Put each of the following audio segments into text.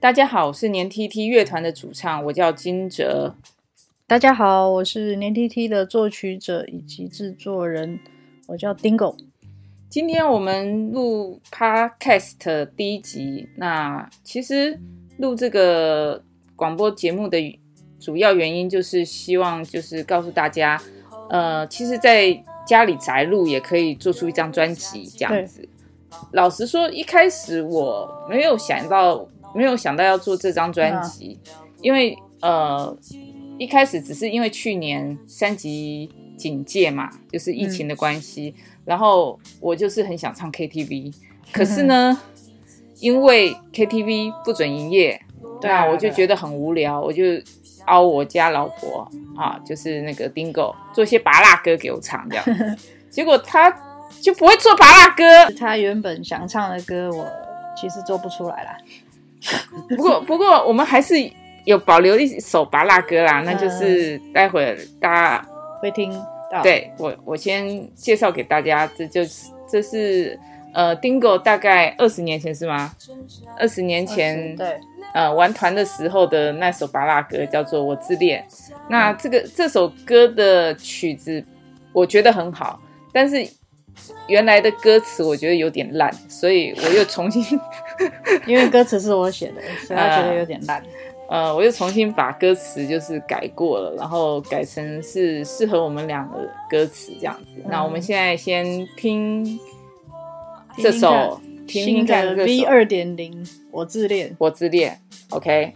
大家好，我是黏 tt 樂團的主唱，我叫驚蟄。嗯、大家好，我是黏 tt 的作曲者以及制作人，我叫 Dingo。今天我們錄 Podcast 第一集。那其實錄這個廣播節目的主要原因就是希望就是告訴大家，呃，其實，在家裡宅錄也可以做出一張專輯這樣子。對老實說，一開始我沒有想到。沒有想到要做這張專輯，嗯啊、因為呃一開始只是因為去年三級警戒嘛，就是疫情的關係，嗯、然後我就是很想唱 KTV，可是呢，嗯、哼因為 KTV 不准營業，對啊、嗯哼，我就覺得很無聊，啊、我就熬我家老婆啊，就是那個丁 o 做一些拔辣歌給我唱掉。 結果他就不會做拔辣歌，他原本想唱的歌我其實做不出來啦。 不過，不過我們還是有保留一首芭樂歌啦，嗯、那就是待會大家會聽到。對，我，我先介紹給大家，這就是這是呃，Dingo 大概二十年前是嗎？二十年前、嗯、對，呃，玩團的時候的那首芭樂歌叫做《我自戀》。那這個這首歌的曲子，我覺得很好，但是，原來的歌詞我覺得有點爛，所以我又重新， 因為歌詞是我寫的，所以他覺得有點爛、呃。呃，我又重新把歌詞就是改過了，然後改成是適合我們倆的歌詞這樣子。嗯、那我們現在先聽這首《新改的 V 二點零》，我自戀，我自戀，OK。.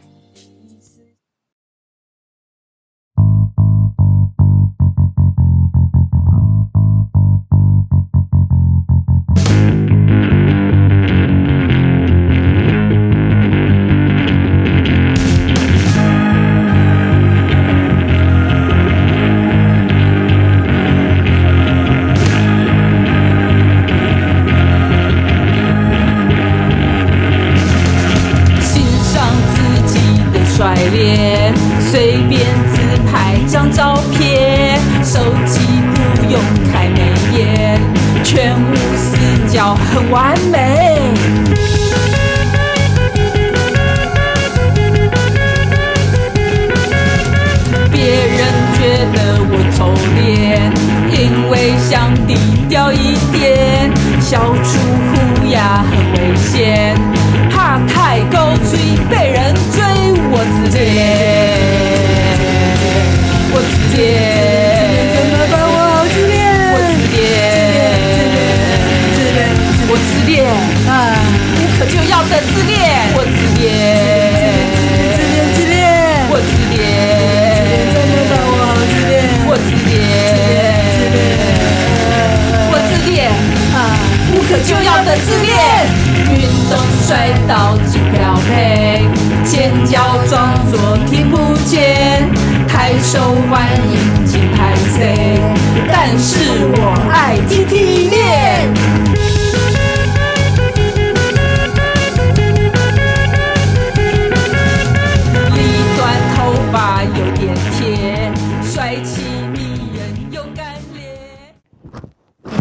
臉，因為想低調一點，笑出虎牙很危險，怕太高調被人追，我自己，我自己。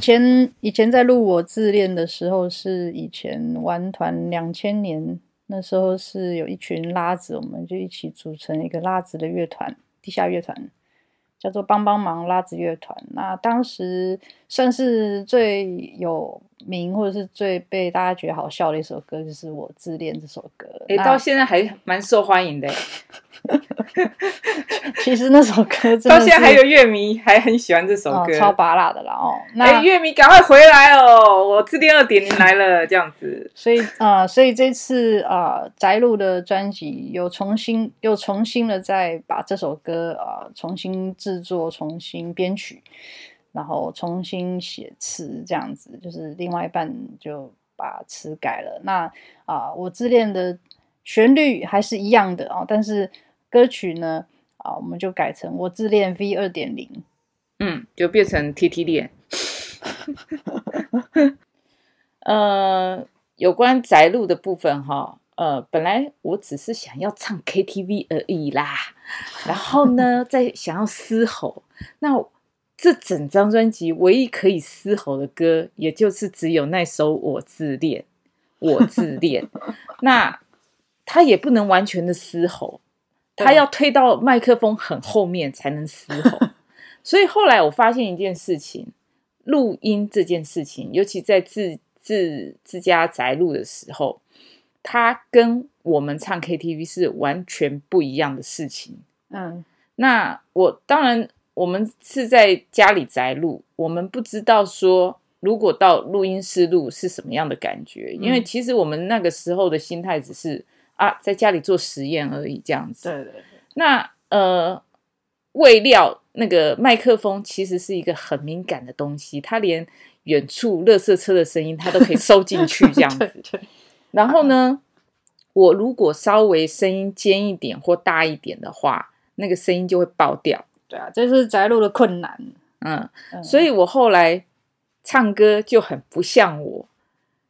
以前以前在錄我自戀的時候，是以前玩團兩千年，那時候是有一群拉子，我們就一起組成一個拉子的樂團，地下樂團，叫做幫幫忙拉子樂團。那當時算是最有。名或者是最被大家覺得好笑的一首歌，就是我自戀這首歌。哎、欸，那到現在還蠻受歡迎的。 其實那首歌到現在還有樂迷還很喜歡這首歌，哦、超拔辣的啦哦。哎，樂、欸、迷趕快回來哦！我自戀二點零來了，這樣子。所以啊、呃，所以這次啊、呃，宅錄的專輯又重新又重新的再把這首歌啊、呃、重新製作、重新編曲。然後重新寫詞，這樣子就是另外一半就把詞改了。那啊、呃，我自戀的旋律還是一樣的啊、哦，但是歌曲呢啊、呃，我們就改成我自戀 V 二點零，嗯，就變成 T T 戀。 呃，有關宅錄的部分哈、哦，呃，本來我只是想要唱 K T V 而已啦， 然後呢，再想要嘶吼那。這整張專輯唯一可以嘶吼的歌，也就是只有那首我《我自戀，》 我自戀。那他也不能完全的嘶吼，對他要推到麥克風很後面才能嘶吼。 所以後來我發現一件事情：錄音這件事情，尤其在自自自家宅錄的時候，它跟我們唱 KTV 是完全不一樣的事情。嗯，那我當然。我們是在家裡宅錄，我們不知道說如果到錄音室錄是什麼樣的感覺，因為其實我們那個時候的心態只是啊，在家裡做實驗而已，這樣子。對對對。那呃，未料那個麥克風其實是一個很敏感的東西，它連遠處垃圾車的聲音它都可以收進去， 對對這樣子。然後呢，我如果稍微聲音尖一點或大一點的話，那個聲音就會爆掉。對啊，這是宅錄的困難。嗯，嗯，所以我後來唱歌就很不像我，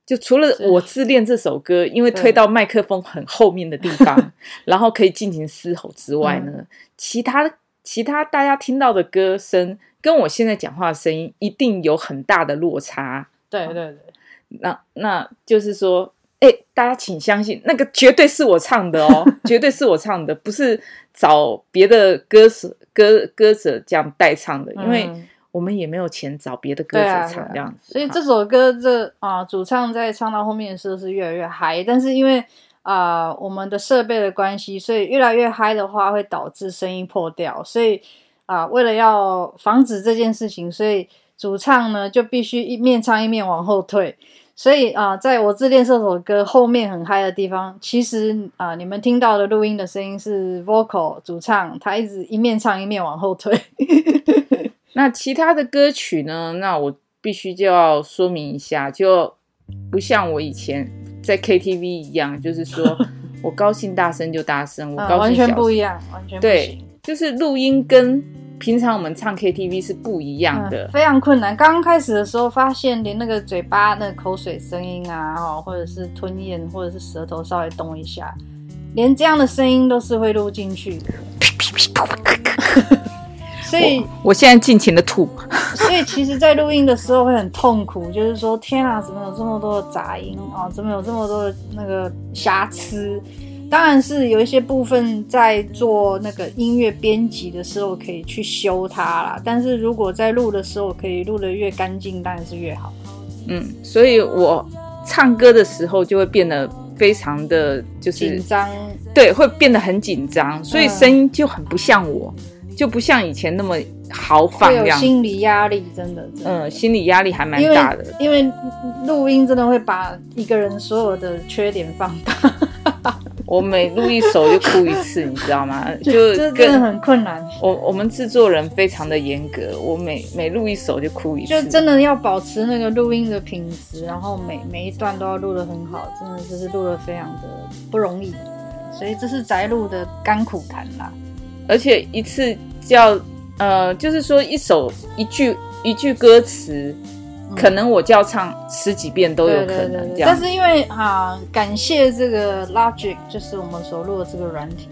就除了我自戀這首歌，是因為推到麥克風很後面的地方，對 然後可以盡情嘶吼之外呢，嗯、其他其他大家聽到的歌聲，跟我現在講話的聲音一定有很大的落差。對對對，那，那就是說。欸、大家請相信，那個絕對是我唱的哦， 絕對是我唱的，不是找別的歌手歌歌者這樣代唱的，嗯、因為我們也沒有錢找別的歌者唱，對啊對啊，這樣子。所以這首歌這啊、呃、主唱在唱到後面的時候是越來越嗨，但是因為啊、呃、我們的設備的關係，所以越來越嗨的話會導致聲音破掉，所以啊、呃、為了要防止這件事情，所以主唱呢就必須一面唱一面往後退。所以啊、呃，在我自戀這首歌後面很嗨的地方，其實啊、呃，你們聽到的錄音的聲音是 vocal 主唱，他一直一面唱一面往後推。 那其他的歌曲呢？那我必須就要說明一下，就不像我以前在 KTV 一樣，就是說我高興大聲就大聲， 我高興小聲、呃、完全不一樣，完全不行。對，就是錄音跟。平常我們唱 KTV 是不一樣的、嗯，非常困難。剛開始的時候，發現連那個嘴巴、那個、口水聲音啊，或者是吞嚥，或者是舌頭稍微動一下，連這樣的聲音都是會錄進去的。呃呃、所以我，我現在盡情的吐。 所以，其實，在錄音的時候會很痛苦，就是說，天啊，怎麼有這麼多的雜音啊？怎麼有這麼多的那個瑕疵？當然是有一些部分在做那個音樂編輯的時候可以去修它啦，但是如果在錄的時候可以錄的越乾淨，當然是越好。嗯，所以我唱歌的時候就會變得非常的就是緊張，對，會變得很緊張，嗯、所以聲音就很不像我，就不像以前那麼豪放。有心理壓力，真的，真的嗯，心理壓力還蠻大的因，因為錄音真的會把一個人所有的缺點放大。 我每錄一首就哭一次， 你知道嗎？就真的很困難。我我們製作人非常的嚴格，我每每錄一首就哭一次，就真的要保持那個錄音的品質，然後每每一段都要錄得很好，真的就是錄得非常的不容易，所以這是宅錄的甘苦談啦。而且一次叫，呃，就是說一首一句一句歌詞。嗯、可能我就要唱十幾遍，都有可能對對對對，這樣，但是因為啊、呃、感謝這個 Logic，就是我們所錄的這個軟體，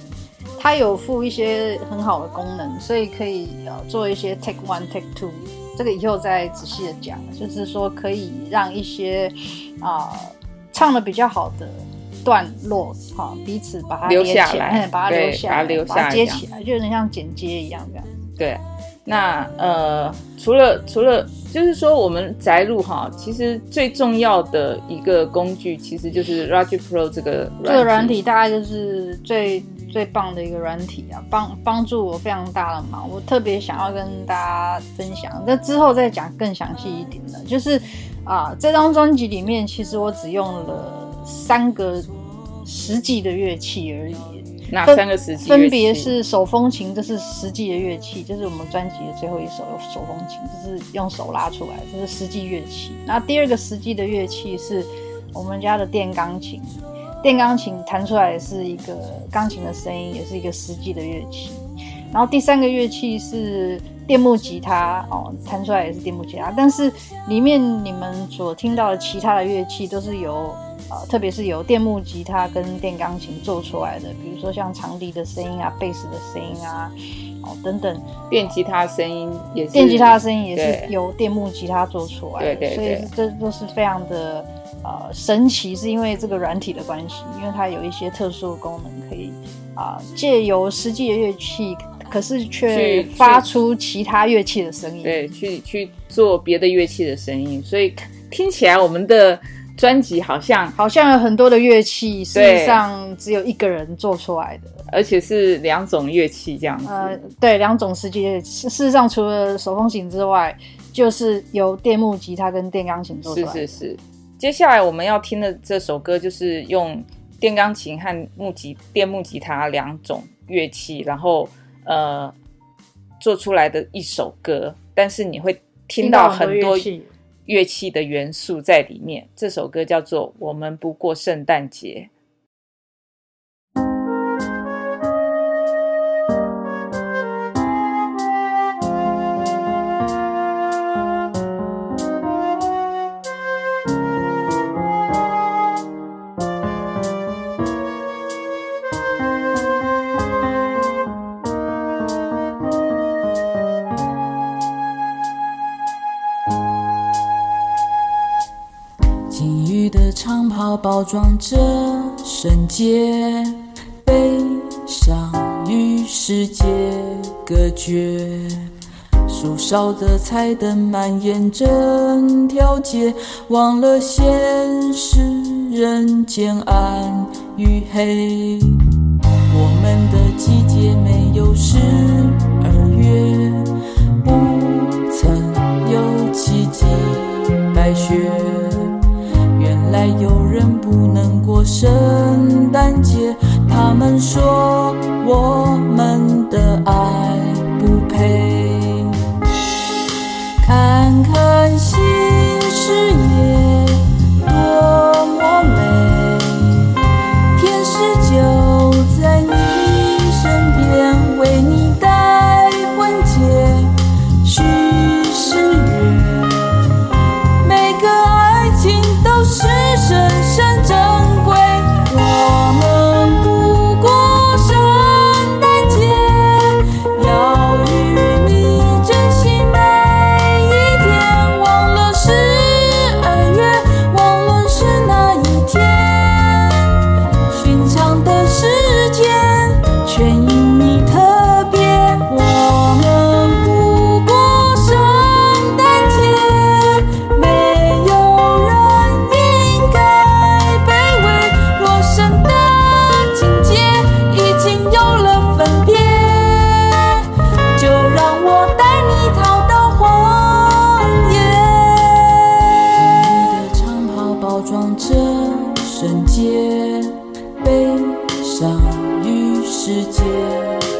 它有附一些很好的功能，所以可以呃做一些 take one take two，這個以後再仔細的講，啊、就是說可以讓一些啊、呃、唱的比較好的段落好、呃，彼此把它連起來、嗯，把它留下來，把它留下來，把它接起來，這樣就有點像剪接一樣的，這樣對。那呃，除了除了，就是說，我們宅錄哈，其實最重要的一個工具，其實就是 Logic Pro 這個這個軟體，軟體大概就是最最棒的一個軟體啊，幫幫助我非常大的忙，我特別想要跟大家分享。那之後再講更詳細一點的，就是啊、呃，這張專輯裡面，其實我只用了三個實際的樂器而已。哪三個實際分別是手風琴，這是實際的樂器，這、就是我們專輯的最後一首手風琴，就是用手拉出來，這、就是實際樂器。那第二個實際的樂器是，我們家的電鋼琴，電鋼琴彈出來也是一個鋼琴的聲音，也是一個實際的樂器。然後第三個樂器是電木吉他，哦，彈出來也是電木吉他，但是裡面你們所聽到的其他的樂器都是由。呃、特別是由電木吉他跟電鋼琴做出來的，比如說像長笛的聲音啊、貝斯的聲音啊、哦、等等，電吉他聲音也，電吉他聲音也是，電音也是由電木吉他做出來的，對對對，所以，對對，這都是非常的、呃、神奇，是因為這個軟體的關係，因為它有一些特殊的功能，可以呃、借由實際的樂器，可是卻發出其他樂器的聲音，對，去去做別的樂器的聲音，所以聽起來我們的。專輯好像好像有很多的樂器，對事實上只有一個人做出來的，而且是兩種樂器這樣子。呃，對，兩種世界。事實上，除了手風琴之外，就是由電木吉他跟電鋼琴做出來的。是是是。接下來我們要聽的這首歌，就是用電鋼琴和木吉、電木吉他兩種樂器，然後呃做出來的一首歌。但是你會聽到很多樂器的元素在裡面。這首歌叫做《我們不過聖誕節》。包裝着聖潔，悲傷與世界隔絕。樹梢的彩燈蔓延整條街，忘了現實人間暗與黑。我們的季節沒有十二月。還有人不能過聖誕節，他們說我們的愛。世界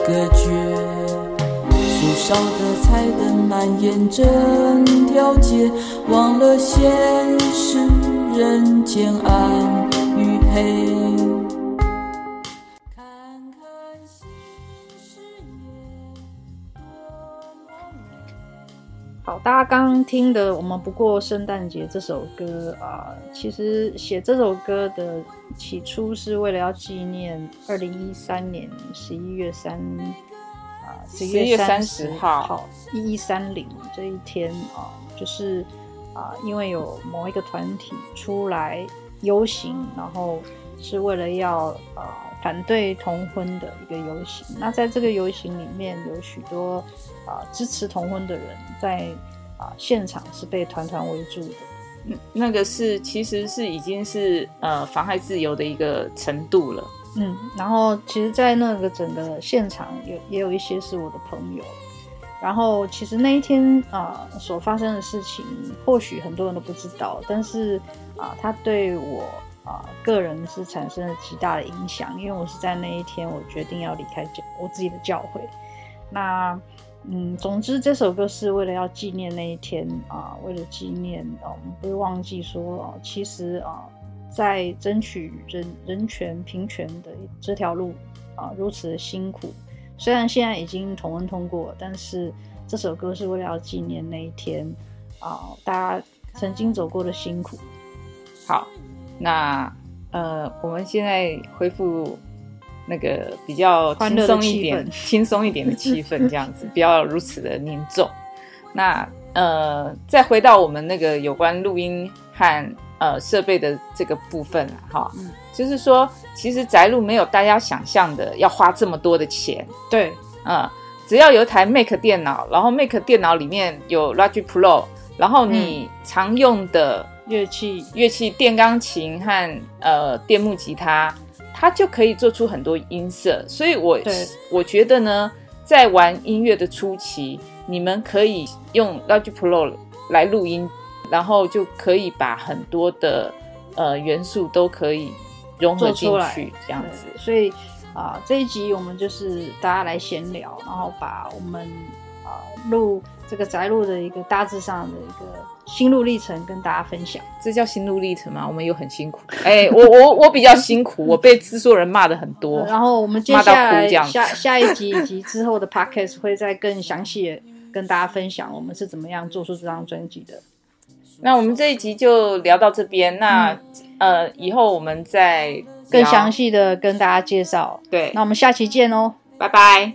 隔絕，樹梢的彩燈蔓延整條街，忘了現實人間暗與黑。大家剛聽的《我們不過聖誕節》這首歌啊、呃，其實寫這首歌的起初是為了要紀念二零一三年十一月三啊，十一月三十號一一三零這一天啊、呃，就是啊、呃，因為有某一個團體出來遊行，然後是為了要啊。呃反對同婚的一個遊行，那在這個遊行裡面，有許多啊、呃、支持同婚的人在啊、呃、現場是被團團圍住的。嗯，那個是其實是已經是呃妨害自由的一個程度了。嗯，然後其實在那個整個現場，有也有一些是我的朋友。然後其實那一天啊、呃、所發生的事情，或許很多人都不知道，但是啊、呃、他對我。啊，個人是產生了極大的影響，因為我是在那一天，我決定要離開教我自己的教會。那，嗯，總之這首歌是為了要紀念那一天啊、呃，為了紀念，我、呃、們不會忘記說，呃、其實啊、呃，在爭取人人權平權的這條路啊、呃，如此的辛苦。雖然現在已經同婚通過，但是這首歌是為了要紀念那一天啊、呃，大家曾經走過的辛苦。好。那呃，我們現在恢復那個比較輕鬆一點、輕鬆一點的氣氛，這樣子 不要如此的凝重。那呃，再回到我們那個有關錄音和呃設備的這個部分、啊、哈，嗯、就是說，其實宅錄沒有大家想象的要花這麼多的錢。對，嗯、呃，只要有一台 Mac 電腦，然後 Mac 電腦裡面有 Logic Pro，然後你常用的、嗯。樂器、樂器、電鋼琴和呃電木吉他，它就可以做出很多音色。所以我，我對我覺得呢，在玩音樂的初期，你們可以用 Logic Pro 來錄音，然後就可以把很多的呃元素都可以融合進去，這樣子。嗯、所以啊、呃，這一集我們就是大家來閒聊，然後把我們啊、呃、錄。這個宅錄的一個大致上的一個心路歷程，跟大家分享。這叫心路歷程嗎？我們又很辛苦。哎、 欸，我我我比較辛苦， 我被制作人罵得很多、嗯。然後我們接下來下下一集以及之後的 podcast 會再更詳細的跟大家分享我們是怎麼樣做出這張專輯的。那我們這一集就聊到這邊。那、嗯、呃，以後我們再更詳細的跟大家介紹。對，那我們下期見哦，拜拜。